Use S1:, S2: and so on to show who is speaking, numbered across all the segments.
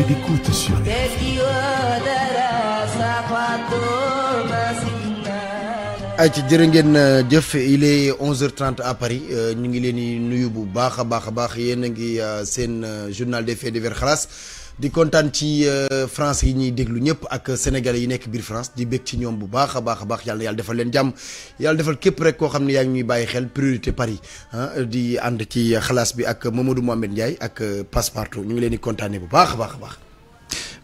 S1: et d'écoute sur les...
S2: ayca jërë ngeen euh, jëf il est 11h30 à Paris euh, ñu ngi leen di nuyu bu baax a baax a baax yéen a ngi euh, seen journal des faits de xalaas di kontaan ci euh, France yi ñuy déglu ñëpp ak sénégalais yi nekk biir France di bég ci ñoom bu baax a baax a baax yàlla yàlla defal leen jàmm yàlla defal képp rek koo xam ne yaa ngi ñuy bàyyi xel priorité Paris di ànd ci xalaas bi ak Mamadou Mohamed Ndiaye ak euh, Passepartout ñu ngi leen di kontaanee bu baax a baax a baax.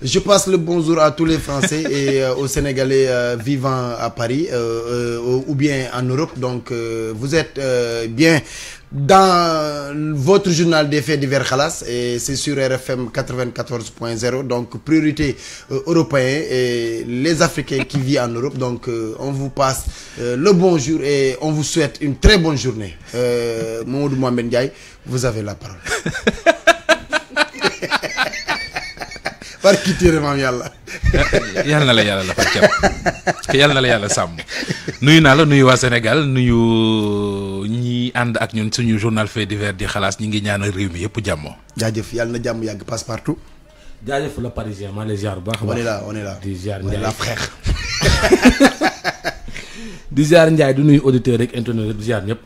S2: Je passe le bonjour à tous les Français et euh, aux Sénégalais euh, vivant à Paris euh, ou bien en Europe. Donc, vous êtes bien dans votre journal des faits divers Khalas et c'est sur RFM 94.0 donc priorité européenne européen et les Africains qui vivent en Europe donc on vous passe le bonjour et on vous souhaite une très bonne journée euh, Mohamed vous avez la parole barki téere maam yàlla yalla na la yàlla la fa cap
S3: yalla na la yàlla sàmm nuyu naa la nuyu waa Sénégal nuyu ñi ànd ak ñun suñu journal fait divers di xalaas ñi ngi ñaanal réew mi yëpp jàmmoo
S2: jaajëf yàlla na jàmm yàgg passe partout jaajëf la parisien maa
S3: ngi lay ziar bu
S4: baax on est là on est là di ziar Ndiaye la frère di ziar Ndiaye du nuyu auditeur rek internet di ziar ñëpp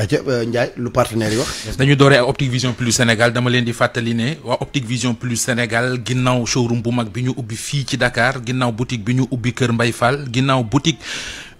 S2: aja eh, Ndiaye lu partenaire yi wax. dañu
S3: dooree Optique Vision Plus Sénégal dama leen di fàttali ne waa Optique Vision Plus Sénégal ginnaaw showroom bu mag bi ubbi fii ci Dakar ginnaaw boutique bi ñu ubbi Kër Mbaye Fall ginnaaw boutique.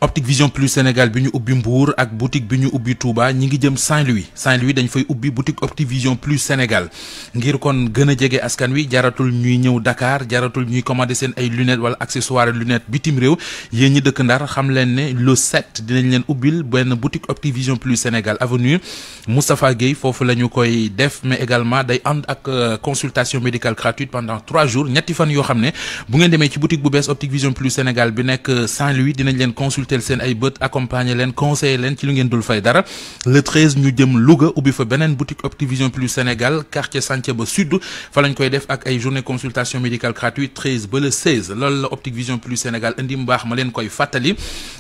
S3: Optique Vision Plus Sénégal biñu ou ubbi Mbour ak boutique biñu ou ubbi Touba ñi ngi jëm Saint-Louis Saint-Louis dañ fay ubbi boutique Optique Vision Plus Sénégal ngir kon gëna jégué askan wi jaratul ñuy ñëw Dakar jaratul ñuy commandé sen ay lunettes wala accessoire lunettes bitim rew yéen ñi dëkk Ndar xam leen né le 7 dinañ leen ubbil ben boutique Optique Vision Plus Sénégal avenue Moustapha Gueye fofu lañu koy def mais également day and ak euh, consultation médicale gratuite pendant trois jours ñetti fan yo xamné bu ngeen démé ci boutique bu bess Optique Vision Plus Sénégal bi nek euh, Saint-Louis dinañ leen consulter teel sen ay beut accompagner len conseiller len ci lu ngeen dul fay dara le 13 ñu jëm Louga ubbi fa benen boutique Optivision Plus Sénégal quartier Santhiaba Sud fa lañ koy def ak ay journée consultation médicale gratuite 13 ba le 16 loolu la Optique Vision Plus Sénégal indi mbaax ma len koy fatali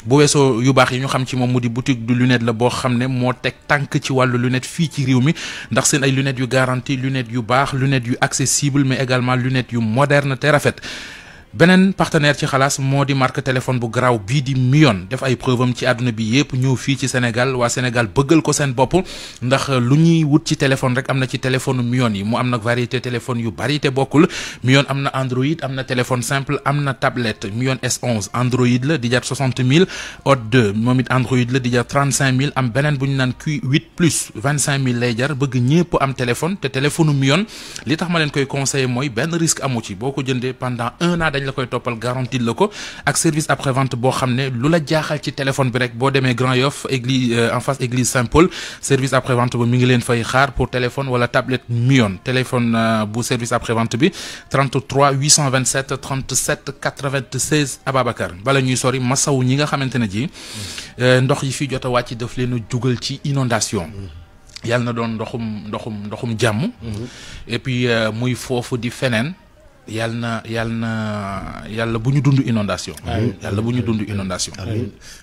S3: bu wesso yu baax yi ñu xam ci mom mudi boutique du lunette la bo xamne mo tek tank ci walu lunette fi ci réew mi ndax sen ay lunettes yu garantie lunettes yu baax lunettes yu accessible mais également lunettes yu moderne te rafet benen partenaire ci xalaas moo di marque téléphone bu garaaw bii di Mion def ay preuve am ci àdduna bi yépp ñëw fii ci Sénégal waa Sénégal bëggal ko seen bopp ndax lu ñuy wut ci téléphone rek am ci téléphone Mion yi mu am variété téléphone yu bari te bokkul Mion am Android am téléphone simple am na tablette Mion S11 Android la di jar soixante mille Hot 2 moom Android la di jar trente cinq am beneen bu ñu naan Q8 plus vingt cinq mille lay jar bëgg ñëpp am téléphone te téléphone Mion li tax ma leen koy conseiller mooy benn risque amu ci boo ko pendant un an dañ la koy topal garantie la ko ak service après vente bo xamné ne lu la jaaxal ci téléphone bi rek bo démé Grand Yoff église euh, en face église Saint-Paul service après vente bo mi ngi leen fay xaar pour téléphone wala tablette Mion téléphone euh, bu service après vente bi 33 827 37 96 ababakar bala ñuy sori ou ñi nga xamante ji euh, ndox yi fi jotta wacc def daf leen jugal ci inondation yalla na doon ndoxum ndoxum ndoxum jamm mhm. et puis muy fofu di fenen yàll na yàll na yàlla bu ñu dund inondation yàlla bu ñu dund inondation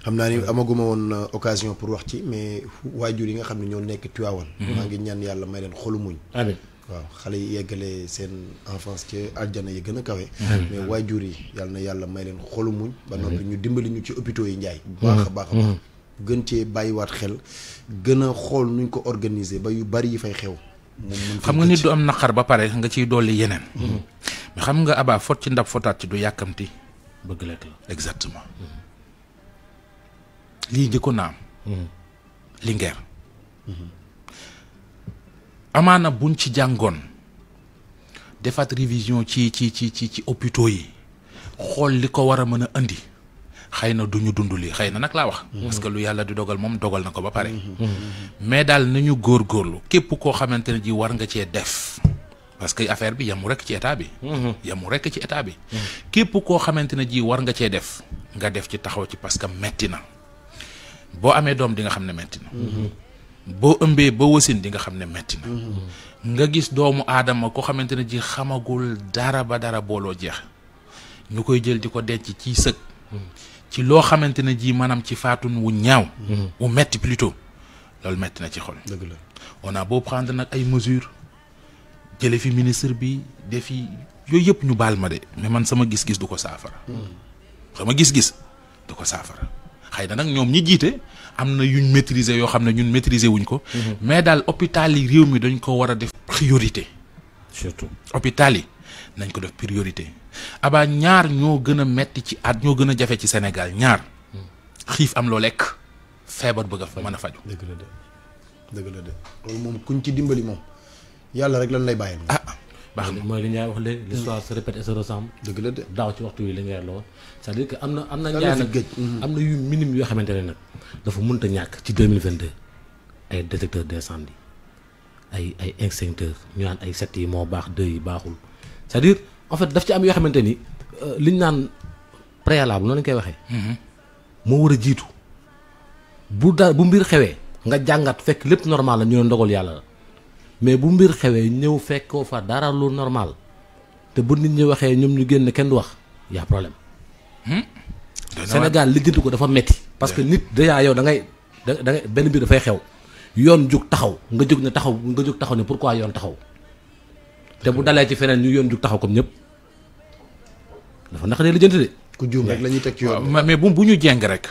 S2: xam naa ni amaguma woon euh, occasion pour wax ci mais waajur yi nga xam ne ñoo nekk Tivaouane mhm. maa ngi ñaan yàlla may leen xolu muñ waaw xale yi yeggale seen enfance ci aljana yi gën a kawe waajur yi yàlla na yàlla may leen xolu muñ ba noppi ñu dimbali ñu ci hôpitaux yi njaay bu mhm. baax a baax a mhm. gën cee bàyyiwaat xel gën a xool nuñ ko organiser ba yu bari yi fay xew xam nga nit
S3: du am naqar ba pare nga ciy dolli yeneen xam nga abaa fot ci ndab fotaat ci du yàkkamti bëgg lekk lii njëkkoon naa am mm-hmm. Linguère mm-hmm. amaana buñ ci jàngoon defaat révision ci ci ci ci ci hôpitaux yi xool li ko war a mën a indi xëy na duñu dund lii xëy na nag laa wax. Mm-hmm. parce que lu yàlla di dogal moom dogal na ko ba pare. mais daal nañu góorlu képp koo xamante ne ji war nga cee def. parce que affaire bi yamu rekk ci état bi. Mhm. yamu rekk ci état bi. képp koo xamante ne ji war nga cee def nga def ci taxaw ci parce que metti na boo amee doom di nga xam ne metti na. Mhm. boo ëmbee ba wasin di nga xam ne metti
S4: mhm.
S3: gis doomu aadama koo xamante ne ji xamagul dara ba dara booloo jeex ñu koy jël di ko denc ci sëg. ci loo xamante ne ji maanaam ci faatu wu ñaaw. wu metti plutôt loolu metti na ci xol. dëgg la on a nag ay mesures. jële fi ministre bi defi yooyu yëpp ñu baal ma de mais man sama gis-gis du ko saafara. Hmm. sama gis-gis du ko saafara. xëy na nag ñoom ñi jiite am na yuñ maîtriser yoo xam ne ñun maîtriser wuñ ko. Hmm. mais daal hôpital yi réew mi dañ ko war a def priorité. surtout hôpital yi nañ ko def priorité. abaa ñaar ñoo gën a metti ci at ñoo gën a jafe ci senegal ñaar. Hmm. xiif am loo lekk. feebar bëgg a mën a faju.
S2: dëgg la de dëgg la de loolu moom kuñ ci dimbali moom. yàlla rek lan lay bàyyi. ah
S4: baax na mooy li ñaay wax léegi l'histoire se répète et se ressemble. daaw ci waxtu wi li nga la woon sa à dire que am na am na ñaar nag mm-hmm. am na yu minime yoo xamante ne nag dafa mun mënta ñàkk ci mille 2022 ay détecteur d'incendie ay ay extincteur ñu naan ay set yi moo baax deux yi baaxul sa à dire en fait daf ci am yoo xamante ni euh, liñ naan préalable noonu lañ koy waxee mm-hmm. moo war a jiitu bu daal bu mbir xewee nga jàngat fekk lépp normal la ñu ne yàlla mais bu mbir xewee ñëw fekkoo fa dara lu normal te bu nit ñi waxee ñoom ñu génn kenn du wax y' a problème. Hmm? Sénégal lijjanti ko dafa metti parce que nit dèjà yow da ngay benn mbir dafay xew yoon jug taxaw nga jóg ne taxaw nga jóg taxaw ne pourquoi yoon taxaw te bu dalee ci feneen ñu yoon jug taxaw comme ñëpp dafa naqaree lijjanti de. ku juum rek la ñuy teg ci yoon mais bu bu ñu jeng rek.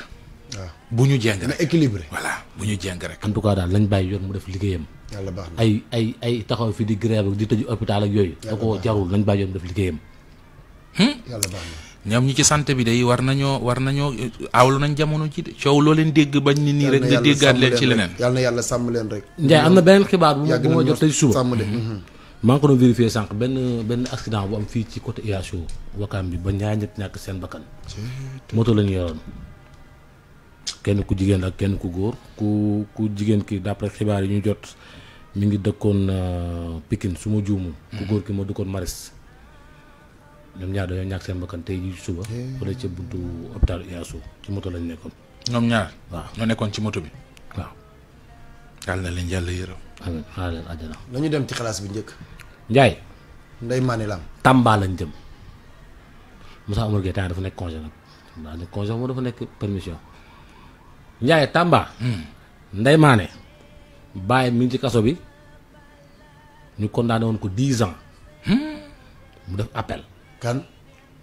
S4: waaw ah. bu ñu jeng rek na équilibré. voilà bu ñu jeng rek. en tout cas daal lañ bàyyi yoon mu def liggéeyam. ay ay ay taxaw fi di grève ak di tëju hôpital ak yooyu.
S3: da ko jarul nañ bàyyoon def liggéeyam.
S2: Hmm? yàlla baax
S3: na ñoom ñi ci santé bi day war nañoo war nañoo aawlu nañ jamono ci coow loo leen dégg bañ ni nii rek nga déggaat leen ci leneen.
S2: yàlla yàlla sàmm leen rek. Ndiaye am na beneen xibaar bu ma bu ma jot tey suba.
S4: Hmm. Hmm. maa ngi ko doon vérifier sànq benn benn accident bu am fii ci côté IASO. Wakaam bi ba ñaar ñett ñàkk seen bakkan. moto la ñu yoroon. kenn ku jigen ak kenn ku góor ku ku jigen ki d'après xibaar yi ñu jot mi ngi dekkon euh, Pikine su joomu ku góor ki mo dekkon Maris ñom ñaar dañu ñak seen bakkan tay ji suba wala eh. ci buntu hôpital Iyasou
S3: ci moto lañ nekkon ñom ñaar waaw ñu nekkon ci moto bi waaw dal na leen yàlla yërëm
S2: amiin xanaa leen dem ci xalaas bi ñeek Ndiaye nday manilam
S4: Tamba lañ dem musa amul geta dafa nek congé nak congé dafa nek permission Ndiaye Tamba. Hmm. Ndeye Mané bàyyi mi ngi ci kaso bi ñu condamné woon ko dix ans. Hmm. mu def appel. kan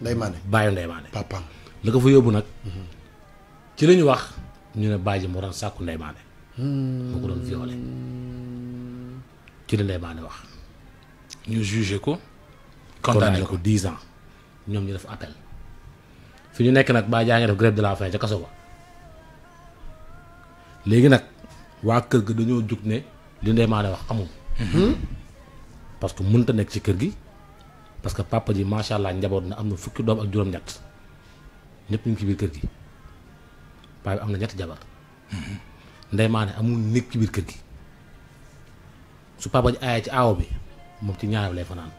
S4: Ndeye Mané bàyyi Ndeye Mané. la ko fa yóbbu nag. Hmm. ci la ñu wax ñu ne bàyyi ji moo doon sàkku Ndeye Mané. ko doon violé ci la Ndeye wax. ñu jugé ko. condamné ko condamné ko dix ans ñoom ñu def appel fi ñu nekk nag bàyyi jaa ngi def grève de la faim ca kaso ba. léegi nag waa kër ga dañoo jóg ne li Ndeye Mané wax amul. Mhm. parce que mënta nekk ci kër gi parce que papa ji macha allah njaboot na am na fukki doom ak juróom-ñett ñëpp ci biir kër gi paa am na ñetti jabar mhm. Ndeye Mané amul néeg ci biir kër gi su papa ji aayee ci aaw bi moom ci ñaareel lay fanaan.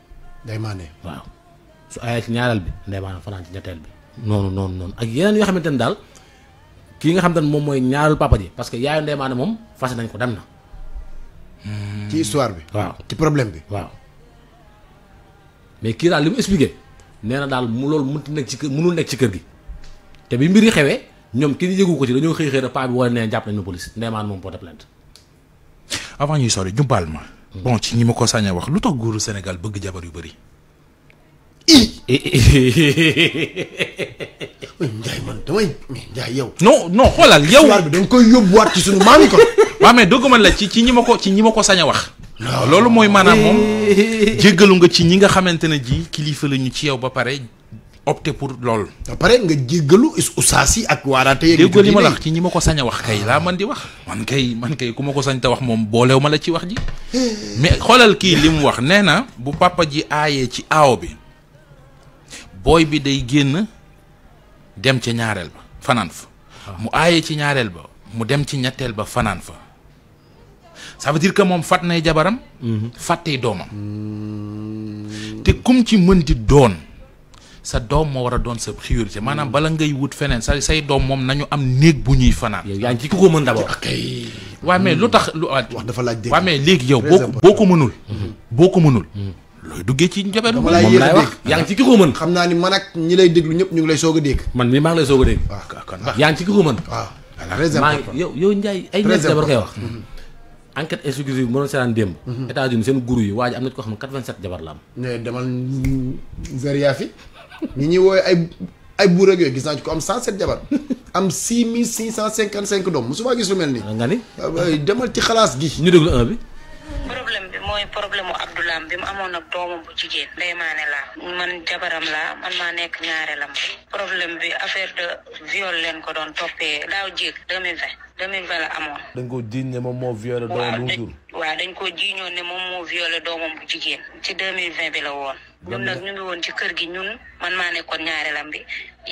S4: Ndeye Mané waaw su aayee ci ñaareel bi Ndeye Mané fanaan ci ñetteel bi. noonu noonu noonu ak yeneen yoo xamante ne daal. ki nga xam ne moom mooy ñaareelu papa ji parce que yaay Ndeye Maane moom fase nañ ko dem na. Hmm. ci histoire bi. waaw ci problème bi. waaw mais ki dal limu expliquer expliqué dal mu lol mu loolu nekk ci mu mënul nekk ci kër gi té bi mbiri xewé ñom ki ñu yëgu ko ci dañu xey xey rek bi wala nee jàpp police Ndeye Maane porte plainte.
S3: avant ñuy sori ñu ma. Hmm. bon ci ñima ko sañé wax lu tok guru Sénégal bëgg jabar yu bari
S1: damay mais Ndiaye yow.
S3: non non xoolal yow. bi da nga yóbbuwaat ci sunu maam yi kon. waaw mais dëgguma la ci ci ma ko ci ñi ma ko sañ wax. loolu mooy maanaam moom jéggalu nga ci ñi nga xamante ne ji kilifa lañu ci yow ba pare opté pour lool. ba pare nga jéggalu
S2: ustaas yi ak waaraate yeeg. dégg ma la wax
S3: ci ñi ma ko sañ a wax laa ah. man di wax. man kay man ku ma ko sañ wax moom boolew ma la ci wax ji. mais xoolal kii li mu wax nee na bu papa ji aayee ci aaw bi booy bi day génn. dem ci ñaareel ba fanaan fa ah. mu aaye ci ñaareel ba mu dem ci ñetteel ba fanaan fa ça veut que moom fat nay jabaram mhm. fàttey doomam te kum ci mën di doon sa doom moo war a doon sa priorité maanaam bala ngay wut feneen sa say doom moom nañu am néeg bu ñuy fanaan yaa ngi ci ko mën d'abord kay waaw mais lu
S2: tax lu wax dafa laaj dégg waaw mais léegi yow boo boo ko mënul mhm. boo ko mënul mhm. looy duggee ci njabeelu moom laay wax yaa ngi ci ki ko mën xam naa ni man ak ñi lay déglu
S4: ñëpp ñu ngi lay soog a dégg man mii maa ngi lay a dégg yaa ngi ci ki ko mën mhm. waa ji am na ko xam ne 87 jabar la am
S2: ne demal Zaria nga ni demal ci xalaas gi ñu déglu bi mooy problème mu Abdoulaam bim amoon ak doomam bu jigéen Ndeye maane
S1: laa man jabaram laa man maa nekk lam problème bi affaire de viol leen ko doon toppee daaw jéeg 2020 2020 la amoon.
S4: dañ ko jiiñ ne moom moo violé doomam bu jur.
S1: waa dañ ko jiiñoon ne moom moo violé doomam bu jigéen ci 2020 bi la woon. ñun nag ñu ngi woon ci kër gi ñun man maa nekkoon ñaareelam bi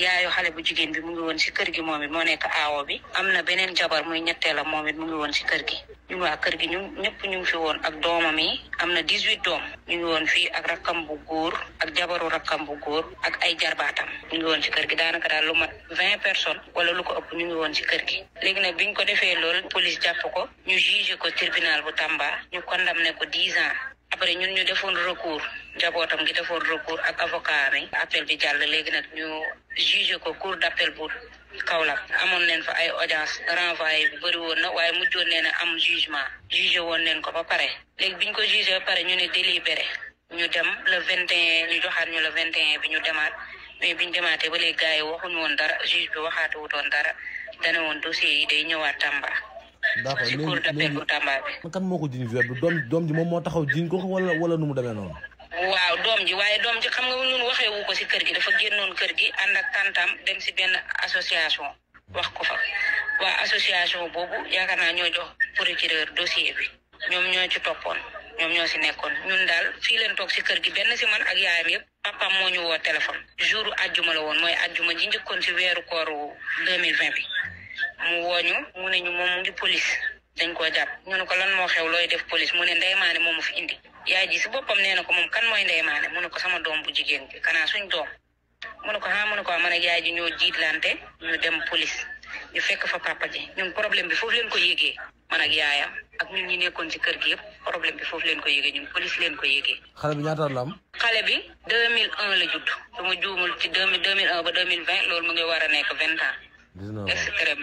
S1: yaayu xale bu jigéen bi mu ngi woon ci kër gi moom it moo nekk aawo bi am na beneen jabar muy ñetteelam moom it mu ngi woon ci kër gi ñun waa kër gi ñu ñëpp ñu ngi fi woon ak doomam yi am na dix-huit doom ñu ngi woon fii ak rakkam bu góor ak jabaru rakkam bu góor ak ay jarbaatam ñu ngi woon ci kër gi daanaka daal lu mat vingt personnes wala lu ko ëpp ñu ngi woon ci kër gi léegi nag biñ ko defee lool police jàpp ko ñu jugé ko tribunal bu Tamba ñu condamné ko dix ans après ñun ñu defoon recours njabootam gi defoon recours ak avocat mi appel bi jàll léegi nag ñu juge ko cour d'appel bu Kaolack amoon neen fa ay audience renvoyé bu bëri woon na waaye mujjoon nee na am jugement juge woon neen ko ba pare léegi biñ ko juge ba pare ñu ne délibéré ñu dem le vingt et ñu joxaat ñu le vingt et un bi ñu demaat mais biñ demaatee ba léegi gars yi waxuñu woon dara juge bi waxaatu wutoon dara dana woon dossier yi day ñëwaat Tamba
S4: d'accord léegi léegi kan moo ko jiñ viol bi doom doom ji moom moo taxaw jiñ ko wala wala nu mu demee noonu.
S1: waaw doom ji waaye doom ji xam nga ñun waxee wu ko si kër gi dafa génnoon kër gi ànd ak tantam dem si benn association wax ko fa waa association boobu yaakaar naa ñoo jox procureur dossier bi ñoom ñoo ci toppoon ñoom ñoo si nekkoon ñun daal fii leen toog si kër gi benn si man ak yaayam yëpp papaam moo ñu woo téléphone jour ajjuma la woon mooy ajjuma ji njëkkoon si weeru kooru 2020 bi. mu wooñu mu ne ñu moom mu ngi police dañ koo jàpp ñu ne ko lan moo xew looy def police mu ne ndeymaane moom mu fi indi yaay ji si boppam nee na ko moom kan mooy ndeymaane mu ne ko sama doom bu jigéen bi kanaa suñ doom mu ne ko ah mu ne ko ah, man ak yaay ji ñoo jiitlante ñu dem police ñu fekk fa papa ji ñun problème bi foofu leen ko yégee man ak yaayam ak ñu ñi nekkoon ci kër gi yëpp problème bi foofu leen ko yégee ñun police leen ko yégee.
S4: xale bi ñaata la
S1: xale bi 2001 la loolu mu ngi war a nekk vingt
S4: SRM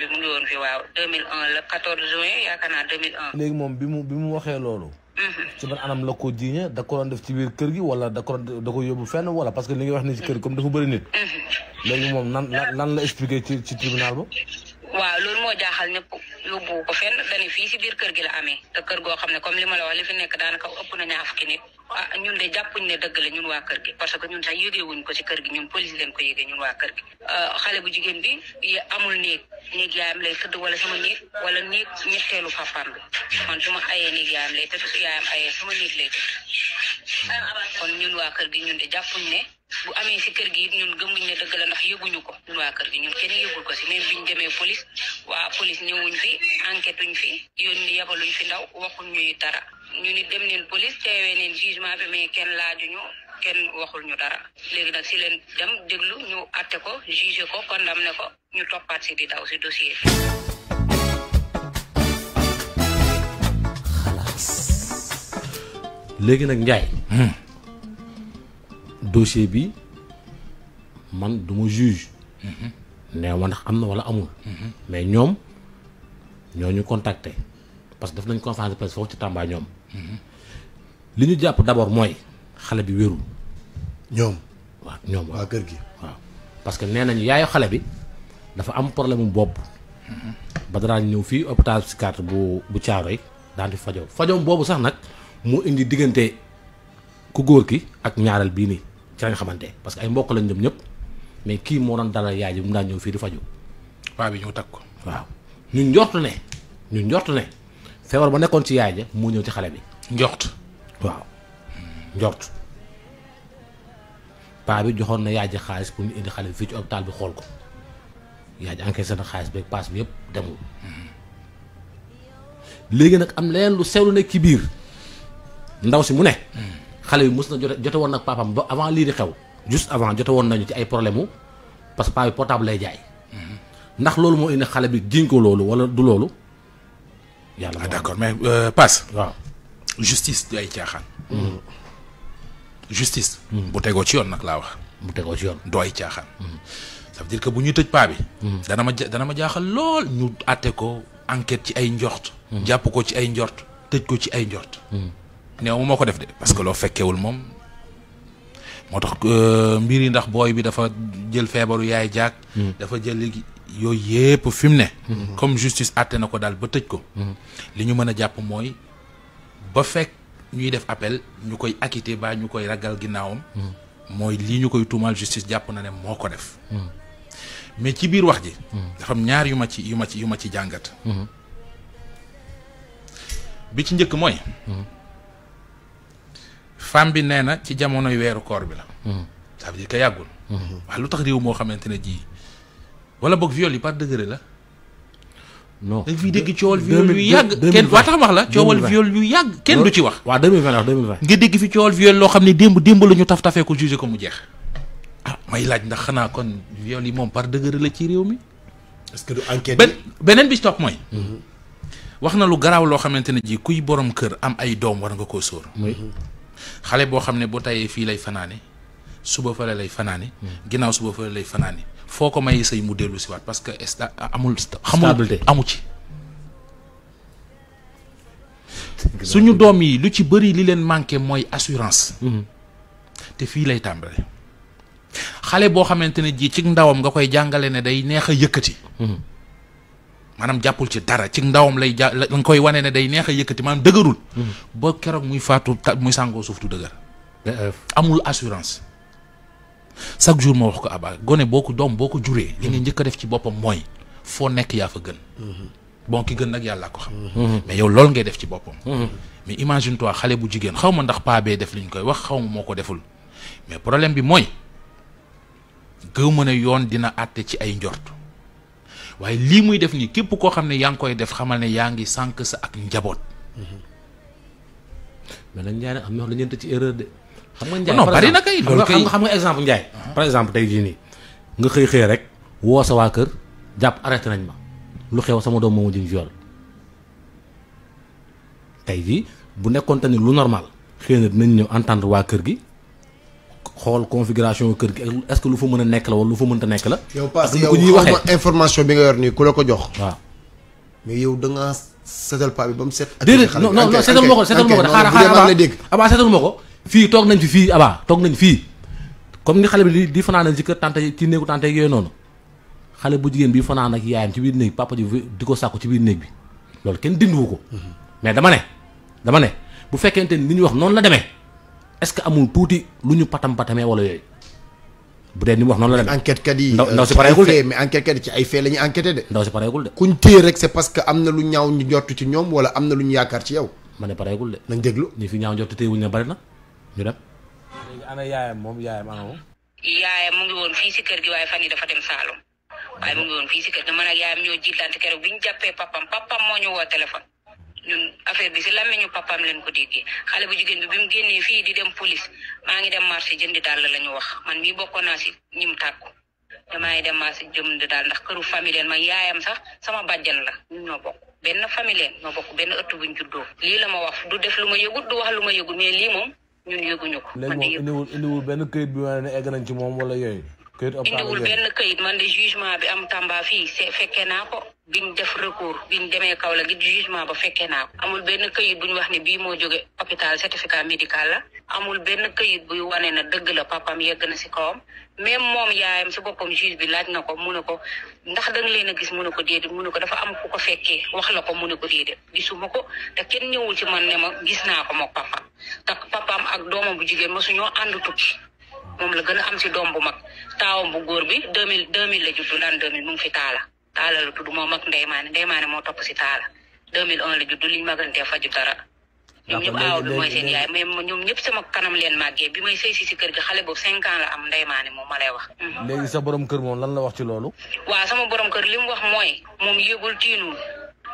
S1: bi waaw 2001 le 14 juin yaakaar naa 2001. léegi
S4: moom bi mu bi mu waxee loolu. Mhm. ci ban anam la ko jiiñe da ko doon def ci biir kër gi wala da ko da ko yóbbu fenn wala parce que li nga wax ni ci kër gi comme dafa bëri nit. Mhm. léegi moom nan lan la expliqué ci ci tribunal ba.
S1: waaw loolu moo jaaxal ñëpp yóbbu ko fenn dañu fi si biir kër gi la amee te kër goo xam ne comme li ma la wax li fi nekk daanaka ëpp na ñaar fukki nit ah ñun de jàppuñ ne dëgg la ñun waa kër gi parce que ñun sax yëgee wuñ ko si kër gi ñun police leen ko yëgee waa kër gi ah, xale bu jigéen bi amul néeg néeg yaayam lay tëdd wala sama néeg wala néeg ñetteelu papaam bi kon su ma ayee néeg yaayam lay tëdd yaayam ayee sama néeg lay tëdd ah, kon ñun waa kër gi ñun de jàppuñ ne bu amee ci kër gi it ñun gëmuñ ne dëgg la ndax yëguñu ko ñun waa kër gi ñun kenn yëgul ko si même biñ demee police waa police ñëwuñ fi enquête uñ fi yónni yabaluñ fi ndaw waxuñ ñuy dara ñu ni dem neen police teewee neen jugement bi mais kenn laajuñu kenn waxul ñu dara léegi nag ci leen dem déglu ñu atte ko jugé ko kon ne ko ñu toppaat si di daw si
S4: dossier bi léegi nag Ndiaye hmm. dossier bi man duma ma juge hmm ma ndax amna wala amul hmm mais ñom ñoo ñu contacté parce que daf nañ conférence de presse fo ci Tamba ñoom hmm liñu japp d'abord moy xalé bi wérul ñom wa ñom wa kër gi wa parce que nenañ yaay xalé bi dafa am problème bop hmm ba danaa ñëw fii hôpital psychiatre bu bu tiaroy dal di fajo fajo bobu sax nak mo indi digënté ku góor ki ak ñaaral bi ni ci lañ xamante parce que ay mbokk lañ ñoom ñëpp mais kii moo doon dalal yaay ji mu daan ñëw fii di faju paa bi ñëw takk ko waaw ñu njort ne ñu njort ne feebar ba nekkoon ci yaay ja moo ñëw ci xale bi njort waaw njort paa bi joxoon na yaay ji xaalis pour ñu indi xale bi fii ci hôpital bi xool ko yaay ji encaissé na xaalis beeg paas bi yëpp demul mm-hmm. léegi nag am leen lu seetlu ne ci biir ndaw si mu ne mm. xale yu mos na jote jote woon nag papam ba avant lii di xew juste avant jote woon nañu ci ay problème mu parce que paa bi portable lay jaay mhm. ndax loolu moo indi xale bi jiñ ko loolu wala du loolu
S3: yàlla ah, d'accord mais euh, passe waaw justice du ay caaxaan mhm. justice mhm. bu tegoo ci yoon nag laa wax bu tegoo ci yoon du ay caaxaan ça veut dire que bu ñuy tëj paa bi dana ma dana ma jaaxal lool ñu àtte ko enquête ci ay njort jàpp ko ci ay njort tëj ko ci ay njort def de parce que lo fekkewul mom motax euh, ndax boy, bi dafa jël feebaru yaay hmm. dafa jël yépp hmm. comme justice àtte ko ba ko. Hmm. liñu ba fek ñuy def appel ñukoy appel, ba ñukoy ragal ginnaawam. nous koy justice na def. mais ci biir wax ji. dafa am ñaar yu ma ci yu ma ci yu ma ci bi femme bi nee na ci jamonoy weeru koor bi la. Hmm. ça veut dire que yàggul. Hmm. waaw lu tax réew moo xamante ne jii walla boog viol yi par degré la. non da nga fiy dégg coowal viol yu yàgg kenn waa tax wax la coowal viol yu yàgg kenn du ci wax. waaw 2020 wax 2020. dégg fi coowal viol loo xam ne démb démb la ñu taf tafee ko jugé ko mu jeex. ah may laaj ndax xanaa kon viol yi moom par degré la ci réew mi. est que du enquête beneen bi ci mooy. Hmm. wax na lu garaaw loo xamante ne jii kuy borom kër am ay doom war nga koo sóor. xale boo xam ne bu tayee fii lay fanaane suba fële lay fanaane ginnaaw suba fële lay fanaane foo ko may sëy mu dellu si waat parce que sta amul xamul amu ci suñu doom yi lu ci bari li leen manqué mooy assurance mhm. te fii lay tàmbale xale boo xamante ne jii ci ndawam nga koy jàngale ne day neex a yëkkati mhm. maanaam jàppul ci dara ci ndawam lay ja la nga koy wane ne day neex a yëkkati maanaam dëgërul. Hmm. ba keroog muy faatu muy sàngoo suuf du dëgër. Euh, amul assurance. chaque jour moo wax ko Abba gone boo ko doom boo ko juree. li nga hmm. njëkk a def ci boppam mooy foo nekk yaa fa gën. Hmm. bon ki gën nag yàlla ko xam. mais yow loolu ngay def ci boppam. mais imagine toi xale bu jigéen xaw ma ndax paa def liñ koy wax xaw ma moo ko deful mais problème bi mooy gëw ma ne yoon dina àtte ci ay njort. waaye li muy def ni kep ko xamne yang koy def xamal ne yaangi sank sa ak njabot mais nag Ndiaye am na lu ñent ci erreur de. xam nga Ndiaye non bari
S4: na kay loolu kay xam nga exemple Ndiaye. Ah. par exemple tay jini nga xey xey rek wo sa wa keur japp arrêté nañ ma lu xew sama doom mo jëm viol tay jii bu nekkon tane lu normal xeyna dinañ ñew entendre wa keur gi. xool configuration kër gi est-ce que lu fa mën a nekk la wala lu fa mënta nekk la. yow parce que yow xam
S2: information bi nga yor nii ku la ko jox. waaw mais yow da ngaa seetal paa bi ba mu set. déedéet non non seetal ma ko seetal ma ko de xaaral xaaral abaa seetal ma ko fii toog nañ fi fii abaa toog
S4: nañ fii comme ni xale bi di di fanaan ci kër tante ci néegu tante yooyu noonu xale bu jigéen bi fanaan ak yaayam ci biir néeg papa ji di ko sàkku ci biir néeg bi loolu kenn dindiwu ko mhm. mais dama ne dama ne bu fekkente ni li ñu wax noonu la demee est-ce que amul tuuti lu ñu
S2: patam patamee wala yooyu bu dee ni mu wax noonu la demee. enquête kat yi ndaw euh, si pareegul de mais enquête kat yi ci ay fee la ñuy de. ndaw si pareegul de. kuñ téye rek c'est parce am na lu ñaaw ñu jot ci ñoom wala am na lu ñu yaakaar ci yow. ma ne pareegul de. nañ déglu ñi fi ñaaw jot téye wuñ ne bari ñu dem.
S1: ana yaayam moom yaayam ana moom. yaayam mu ngi woon fii si kër gi waaye fan yi dafa dem Saalum ñun affaire bi ci si làmmeñu papaam leen ko déggé xalé bu jigen bi bimu génné fi di dem police ma ngi dem marché jëndi dal lañu wax man mi bokko na ci ñim takku dama ay dem marché jëmd dal ndax këru famille leen man yaayam sax sama bàjjan la ñu ñoo bokk benn famille leen ñoo bokk benn ëttu buñ juddoo li la ma wax du def luma ma yëgut du wax luma ma yëgut mais li mom ñun yëguñu ko. léegi moom
S4: ñu ñu benn kayit bi wala ne egg nañ ci mom wala yoy indiwul benn
S1: kayit man de jugement bi am Tamba fii c'est fekkee naa ko biñ def recours biñ demee kaw la gi jugement ba fekkee naa ko amul benn këyit buñ wax ne bii moo jóge hôpital certificat médical amul benn këyit buy wane na dëgg la papam yegg na si kawam même moom yaayam si boppam juge bi laaj na ko mu ne ko ndax da nga leen a gis mu ne ko déedéet mu ko dafa am ku ko fekkee wax la ko mu ne ko déedéet gisuma ko te kenn ñëwul ci man ne ma gis naa ko moom papa te papaam ak doomam bu jigéen ma suñoo ànd tukki mom la gëna am ci doom bu mag taawam bu goor bi 2000 2000 la juddu lan 2000 mu ngi fi taala taala la tuddu moo mag ndeymaane ndeymaane moo topp si taala deux mille un la juddu liñ magantee faju dara ñoom ñep aaw bi moy seen yaay mais ñoom ñep sama kanam leen magge bi may sey ci si kër gi xalé bu 5 ans la am ndeymaane mo ma lay wax
S4: léegi sa borom kër mom lan la wax ci lolu
S1: wa sama borom kër lim wax moy mom yëgul tiinul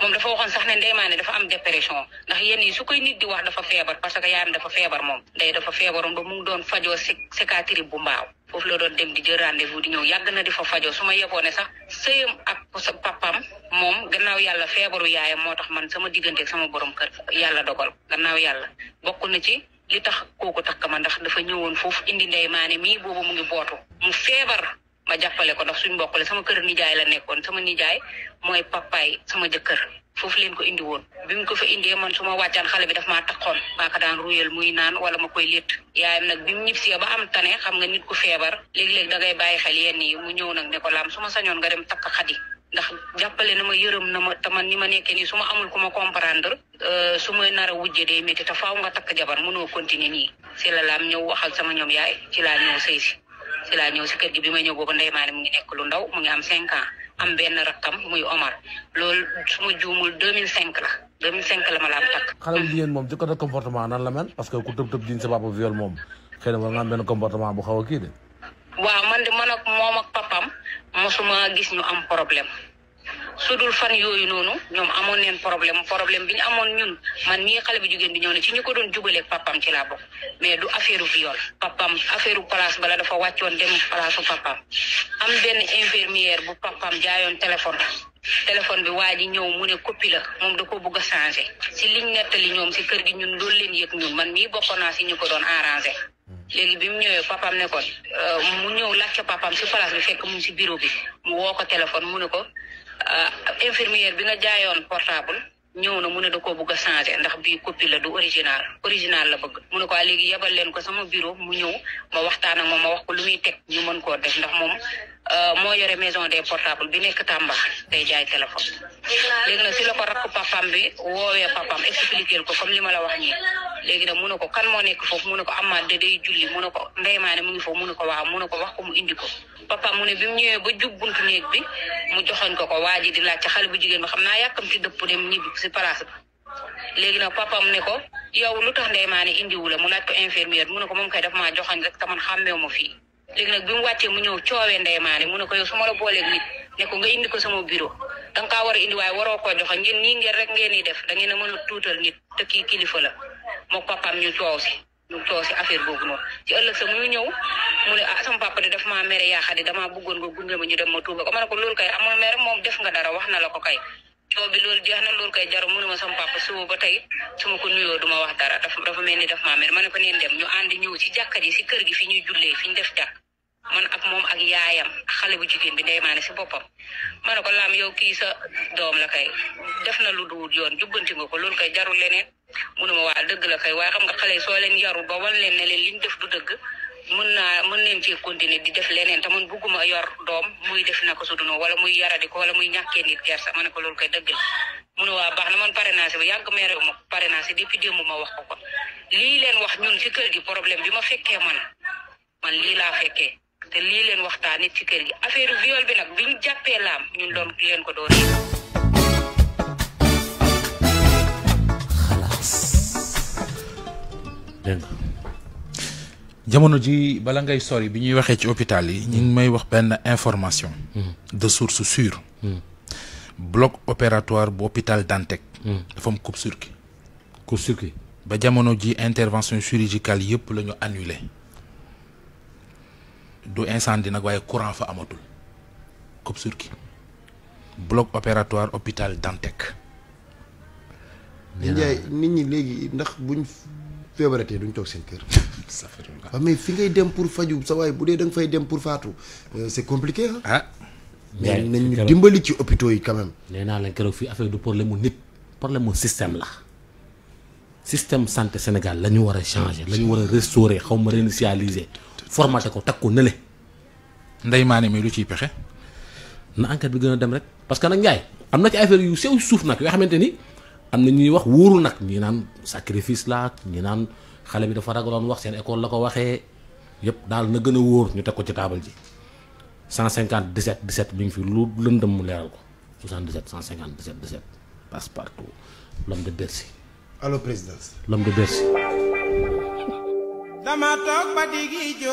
S1: moom dafa waxoon sax ne ndeymaane dafa am dépression ndax yenn yi su koy nit di wax dafa feebar parce que yaayam dafa feebar moom ndey dafa feebaroon ba mu ngi doon fajoo si cicatrice bu mbaaw foofu la doon dem di jël rendez-vous di na di fa fajoo su ma yeboone sax sëyam ak sa papam moom gannaaw yàlla feebaru yaayam moo tax man sama diggante ak sama borom kër yàlla dogal gannaaw yàlla bokk na ci li tax kooku takk ma ndax dafa ñëwoon foofu indi ndeymaane mii boobu mu ngi bootu mu feebar ma jàppale ko ndax suñu bokkale sama kër nijaay la nekkoon sama nijaay mooy papaay sama jëkkër foofu leen ko indi woon bi mu ko fa indee man su ma wàccaan xale bi daf maa taxoon maa ko daan ruyal muy naan wala ma koy lett yaayam nag bi mu ñibsee ba am tane xam nga nit ku feebar léeg-léeg da ngay bàyyi xel yenn yi mu ñëw nag ne ko laam su ma sañoon nga dem takk xadi ndax jàppale na ma yërëm na ma ni ma nekkee nii su ma amul ku ma comprendre euh, su ma nar a wujje day métti te faaw nga takk jabar mënoo continuer nii si la laam ñëw waxal sama ñoom yaay ci laa ñëw si si laa ñëw si kër gi bi ma ñëw boobu Ndeye mu ngi nekk lu ndaw mu ngi am cinq am benn rakkam muy Omar loolu su ma juumul 2005 la 2005 la ma la am takk.
S4: xale bu jigéen moom ci côté comportement nan la mel parce que ku tëb tëb diñ sa papa viol moom xëy na war nga am benn comportement bu xaw a kii de.
S1: waaw man de man ak moom ak papam mosuma gis ñu am problème. Sudul fan yooyu nonu ñom amoon len problème problème biñ ñu ñun man mi xalé bi jugen di ñëw na ci ñuko doon jubaleeg papam ci la bok mais du affaireu viol papam affaireu place bala dafa waccion dem placeu papam am ben infirmière bu papam jaayon téléphone téléphone bi waji ji mu ne copie la mom da ko bëgg changer ci si liñ netali ñom si kër gi ñun do leen yek ñun man mi bokkona ci si doon arranger légi bimu ñëwé papam ne kon euh, mu ñëw papam si place bi fekk mu si bureau bi mu woko ko téléphone mu ne ko Euh, infirmière bi nga jaayoon portable ñëw na mu ne da koo bëgg a changé ndax bii copie la du original original la bëgg mu ne ko ah, léegi yebal leen ko sama bureau mu ñëw ma waxtaan ak moom ma wax ko lu muy teg ñu mën koo def ndax moom Euh, moo yore maison des portables bi nekk Tamba day jaay téléphone léegi na si la ko rakk papam bi woowee papam expliqué ko comme li ma la wax nii léegi na mu ne ko kan moo nekk foofu mu ne ko amaat da day julli mu ne ko ndeymaane mu ngi foofu mu ne ko waaw mu ne ko wax ko mu indi ko papam mu ne bi mu ñëwee ba jug buntu néeg bi mu joxoñ ko ko waa ji di laajte xale bu jigéen bi xam naa yàkkamti dëpp dem ñibbi si place bi léegi na papam ne ko yow lu tax ndeymaane indiwu la mu laaj ko infirmière mu ne ko moom kay daf maa joxoñ rek taman xàmmeewu ma fii léegi nag bi mu wàccee mu ñëw coowee Ndeye Mané mu ne ko yow su ma la booleeg nit ne ko nga indi ko sama bureau da nga kaa indi waaye waroo koo ngeen ngeen rek ngeen def da ngeen a mën nit te kii kilifa la mook papaam ñu coow si ñu coow si affaire boobu ci sa mu ne ah sama papa de daf maa mere yaaxa di damaa bëggoon nga gunge ma ñu dem ma tuuba ko ma ko loolu kay amul mere moom def nga dara wax na la ko kay coow bi loolu jeex na kay jaru mu ne ma sama papa suba ba tey su ko nuyoo duma wax dara dafa dafa mel ni daf maa mere ko neen dem ñu ànd ñëw si jàkka si kër gi fi ñuy jullee def jàkk man ak mom ak yaayam xale bu jigen bi ndeymaane si boppam ma ne ko lam yow ki sa dom la kay def na lu duwut yoon jubanti nga ko lool kay jarul leneen mu ne ma waa dëgg la kay way xam nga xale so len yaru ba wal len ne len liñ def du deug mën na mën leen ci continuer di def leneen te man bugguma yor dom muy def na ko su duno wala muy yaradi ko wala muy ñàkkee nit kersa sa ne ko lool kay deug la mu ne na man pare naa si ba yàgg meere ma pare naa si depuis démb ma wax ko ko lii wax ñun ci kër gi problème bima ma man man lila fekke te ce leen ci kër gi affaire viol bi ñun ko
S3: jamono ji bala ngay information hmm. de source sûre hmm. bloc opératoire bu hôpital Dantec hmm. dafa am coupe-circuit ba jamono ji intervention chirurgicale yépp lañu annulé du incendie nak waye courant fa amatul sur qui bloc opératoire hôpital Dantec.
S2: Ndiaye nit ñi légui ndax buñ février duñ toog seen kër. waaw ah, mais fi ngay dem pour faju sa waye bu dang fay dem pour fatou euh, c'est compliqué hein? ah. mais ñu dimbali
S4: ci hôpitaux yi quand même. nee naa leen keroog affaire du problème nit problème système là. système santé Sénégal lañu wara changer lañu wara restaurer xawma réinitialiser. formaté ko teg ko nële. ndeymaane mi lu ciy pexe. na enquête bi gën a dem rek parce que nag Ndiaye am na ci affaire yu sew suuf nag yoo xamante ni am na ñuy wax wóoru nag ñi naan sacrifice laa ñi naan xale bi dafa ragaloon wax seen école la ko waxee yëpp daal na gën a wóor ñu teg ko ci taabal ji cent 157 17 bi ngi fi lu lëndëm mu leeral ko 77 157 17 passe partout l'homme de Bercy.
S1: allo présidence. l'homme de Bercy.
S3: dama toog ba digi